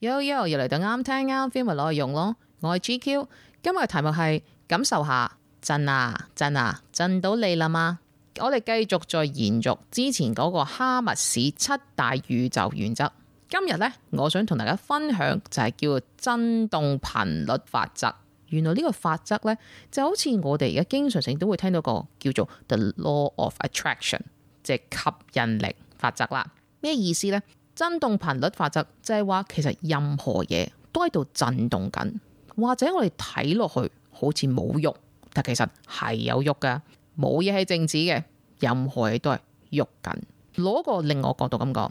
Yo Yo 又嚟到啱聽啱 feel，咪攞去用咯，我係 GQ，今日嘅題目係感受下振啊振啊振到你啦嘛，我哋繼續再延續之前嗰個赫密士七大宇宙原則。今日咧，我想同大家分享就係叫做振動頻率法則，原來呢個法則咧，就好似我哋而家經常性都會聽到個叫做 The Law of Attraction，即係吸引力法則啦，咩意思咧？振動頻率法則就係話，其實任何嘢都喺度震動緊，或者我哋睇落去好似冇喐，但其實係有喐噶，冇嘢係靜止嘅，任何嘢都係喐緊。攞個另外個角度咁講，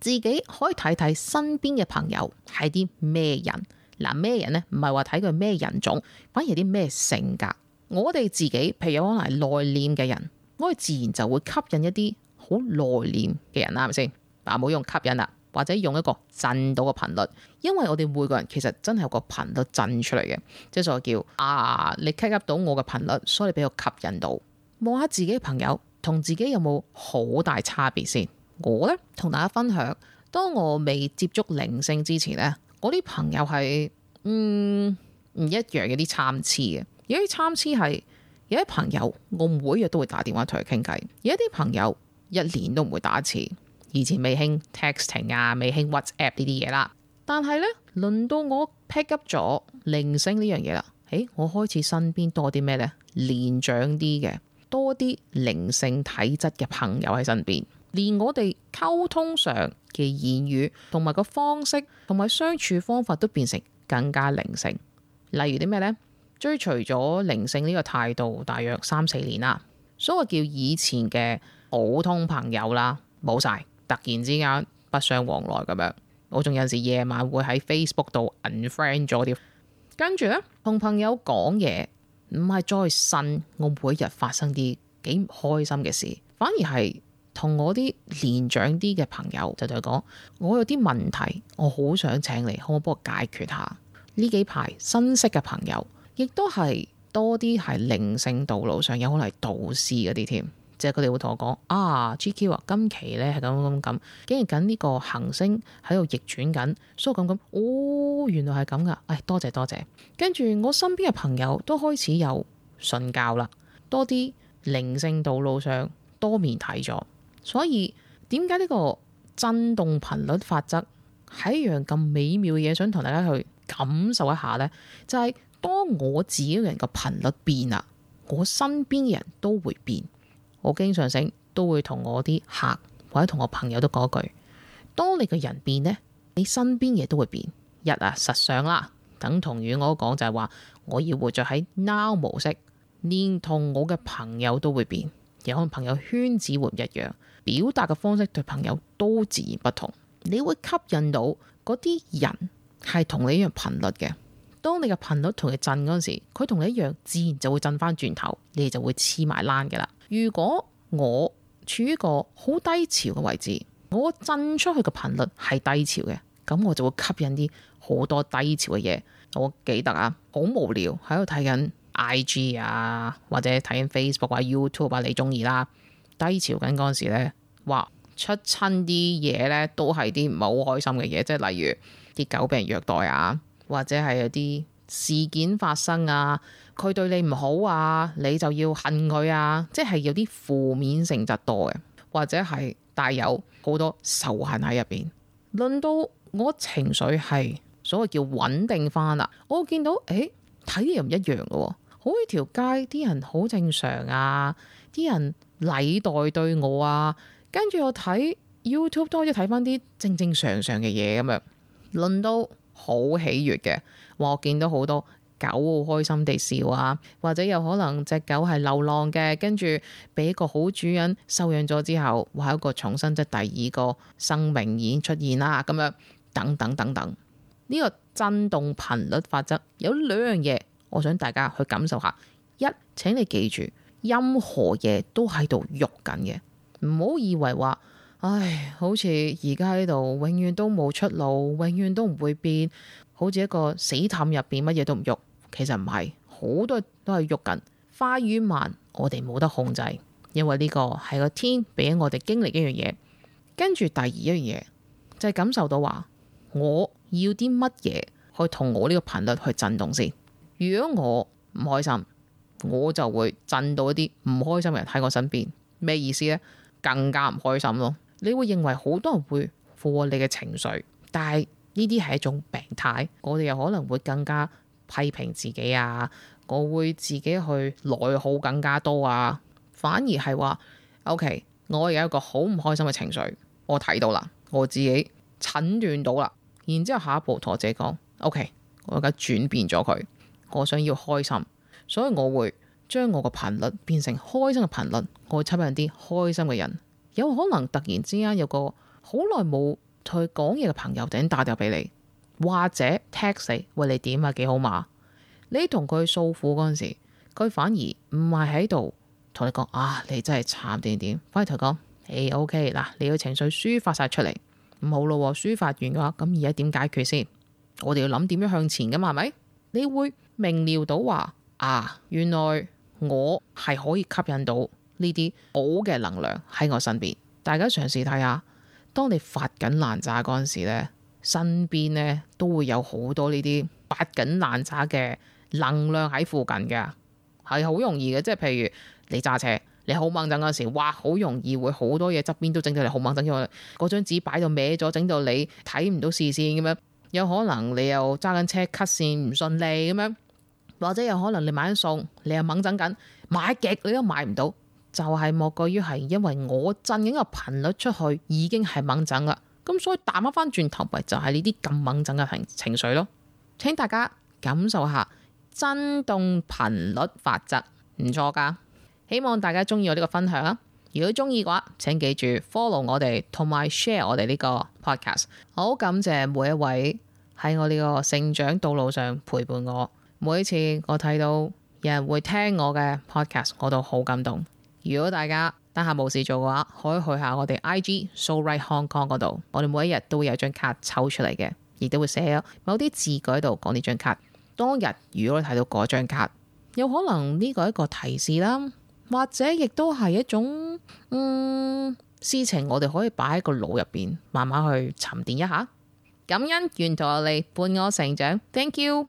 自己可以睇睇身邊嘅朋友係啲咩人，嗱咩人呢？唔係話睇佢咩人種，反而啲咩性格。我哋自己譬如有可能係內斂嘅人，我哋自然就會吸引一啲好內斂嘅人啦，係咪先？嗱，冇用吸引啦。或者用一個震到嘅頻率，因為我哋每個人其實真係有個頻率震出嚟嘅，即係所謂叫啊，你吸得到我嘅頻率，所以你比較吸引到。望下自己朋友同自己有冇好大差別先。我呢，同大家分享，當我未接觸靈性之前呢，我啲朋友係嗯，唔一樣，有啲參差嘅。有啲參差係有啲朋友我每日都會打電話同佢傾偈，有一啲朋友一年都唔會打一次。以前未興 texting 啊，未興 WhatsApp 呢啲嘢啦。但係呢，輪到我 pick up 咗靈性呢樣嘢啦。誒，我開始身邊多啲咩呢？年長啲嘅多啲靈性體質嘅朋友喺身邊，連我哋溝通上嘅言語同埋個方式同埋相處方法都變成更加靈性。例如啲咩呢？追隨咗靈性呢個態度，大約三四年啦。所以我叫以前嘅普通朋友啦，冇晒。突然之間不相往來咁樣，我仲有陣時夜晚會喺 Facebook 度 unfriend 咗啲。跟住咧同朋友講嘢唔係再呻我每一日發生啲幾唔開心嘅事，反而係同我啲年長啲嘅朋友就同佢講，我有啲問題，我好想請你可唔可以幫我解決下？呢幾排新識嘅朋友亦都係多啲係靈性道路上有可能係導師嗰啲添。即係佢哋會同我講啊，GQ 啊，今期咧係咁咁咁，竟然緊呢個行星喺度逆轉緊，所以咁咁哦，原來係咁噶，唉、哎，多謝多謝。跟住我身邊嘅朋友都開始有信教啦，多啲靈性道路上多面睇咗。所以點解呢個振動頻率法則係一樣咁美妙嘅嘢？想同大家去感受一下呢，就係、是、當我自己個人嘅頻率變啦，我身邊嘅人都會變。我經常性都會同我啲客或者同我朋友都講一句，當你個人變呢，你身邊嘢都會變。日啊，實相啦，等同於我講就係話，我要活着在喺 now 模式，連同我嘅朋友都會變，有可能朋友圈子會唔一樣，表達嘅方式，對朋友都自然不同。你會吸引到嗰啲人係同你一樣頻率嘅。當你嘅頻率同佢震嗰時，佢同你一樣，自然就會震翻轉頭，你哋就會黐埋攣嘅啦。如果我處於個好低潮嘅位置，我振出去嘅頻率係低潮嘅，咁我就會吸引啲好多低潮嘅嘢。我記得啊，好無聊喺度睇緊 IG 啊，或者睇緊 Facebook 啊、YouTube 啊，你中意啦。低潮緊嗰陣時咧，哇出親啲嘢咧，都係啲唔係好開心嘅嘢，即係例如啲狗畀人虐待啊，或者係有啲。事件發生啊，佢對你唔好啊，你就要恨佢啊，即係有啲負面性質多嘅，或者係帶有好多仇恨喺入邊。輪到我情緒係所謂叫穩定翻啦，我見到誒睇啲又唔一樣嘅喎，好似條街啲人好正常啊，啲人禮待對我啊，跟住我睇 YouTube 都可以睇翻啲正正常常嘅嘢咁樣。輪到。好喜悅嘅，我見到好多狗好開心地笑啊，或者有可能隻狗係流浪嘅，跟住俾一個好主人收養咗之後，話一個重生即係第二個生命已經出現啦，啊，咁樣等等等等。呢、這個震動頻率法則有兩樣嘢，我想大家去感受下。一，請你記住，任何嘢都喺度喐緊嘅，唔好以為話。唉，好似而家喺度，永遠都冇出路，永遠都唔會變，好似一個死氹入邊乜嘢都唔喐。其實唔係，好多都係喐緊。快與慢，我哋冇得控制，因為呢個係個天俾我哋經歷一樣嘢。跟住第二一樣嘢，就係感受到話，我要啲乜嘢去同我呢個頻率去震動先。如果我唔開心，我就會震到一啲唔開心嘅人喺我身邊。咩意思呢？更加唔開心咯。你會認為好多人會附和你嘅情緒，但係呢啲係一種病態。我哋又可能會更加批評自己啊，我會自己去內耗更加多啊。反而係話，OK，我而家有一個好唔開心嘅情緒，我睇到啦，我自己診斷到啦。然之後下一步我自己，同我自己講，OK，我而家轉變咗佢，我想要開心，所以我會將我個頻率變成開心嘅頻率，我會吸引啲開心嘅人。有可能突然之間有個好耐冇同佢講嘢嘅朋友，突然打掉俾你，或者 text 你，喂，你點啊，幾好嘛？你同佢訴苦嗰陣時，佢反而唔係喺度同你講啊，你真係慘點點，反而同你講誒，O K 嗱，你嘅情緒抒發晒出嚟，唔好咯，抒發完嘅話，咁而家點解決先？我哋要諗點樣向前噶嘛？係咪？你會明了到話啊，原來我係可以吸引到。呢啲好嘅能量喺我身邊，大家嘗試睇下。當你發緊爛渣嗰陣時咧，身邊咧都會有好多呢啲八緊爛渣嘅能量喺附近嘅，係好容易嘅。即係譬如你揸車，你好猛震嗰時，哇，好容易會好多嘢側邊都整到你好猛震，因為嗰張紙擺到歪咗，整到你睇唔到視線咁樣。有可能你又揸緊車，cut 線唔順利咁樣，或者有可能你買緊餸，你又猛震緊，買極你都買唔到。就係莫過於係因為我震緊個頻率出去已經係猛震啦，咁所以彈翻翻轉頭咪就係呢啲咁猛震嘅情情緒咯。請大家感受下震動頻率法則唔錯噶，希望大家中意我呢個分享啊。如果中意嘅話，請記住 follow 我哋同埋 share 我哋呢個 podcast。我好感謝每一位喺我呢個成長道路上陪伴我。每一次我睇到有人會聽我嘅 podcast，我都好感動。如果大家等下冇事做嘅話，可以去下我哋 IG Zorite Hong Kong 嗰度，我哋每一日都會有張卡抽出嚟嘅，亦都會寫喺某啲字喺度講呢張卡。當日如果你睇到嗰張卡，有可能呢個係一個提示啦，或者亦都係一種嗯事情，我哋可以擺喺個腦入邊，慢慢去沉澱一下。感恩沿途有你伴我成長，Thank you。